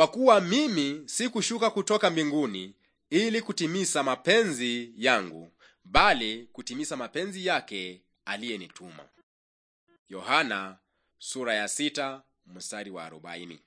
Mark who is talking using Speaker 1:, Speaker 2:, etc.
Speaker 1: kwa kuwa mimi sikushuka kutoka mbinguni ili kutimisa mapenzi yangu bali kutimisa mapenzi yake aliyenituma yohana sura ya sita mstari wa arobaini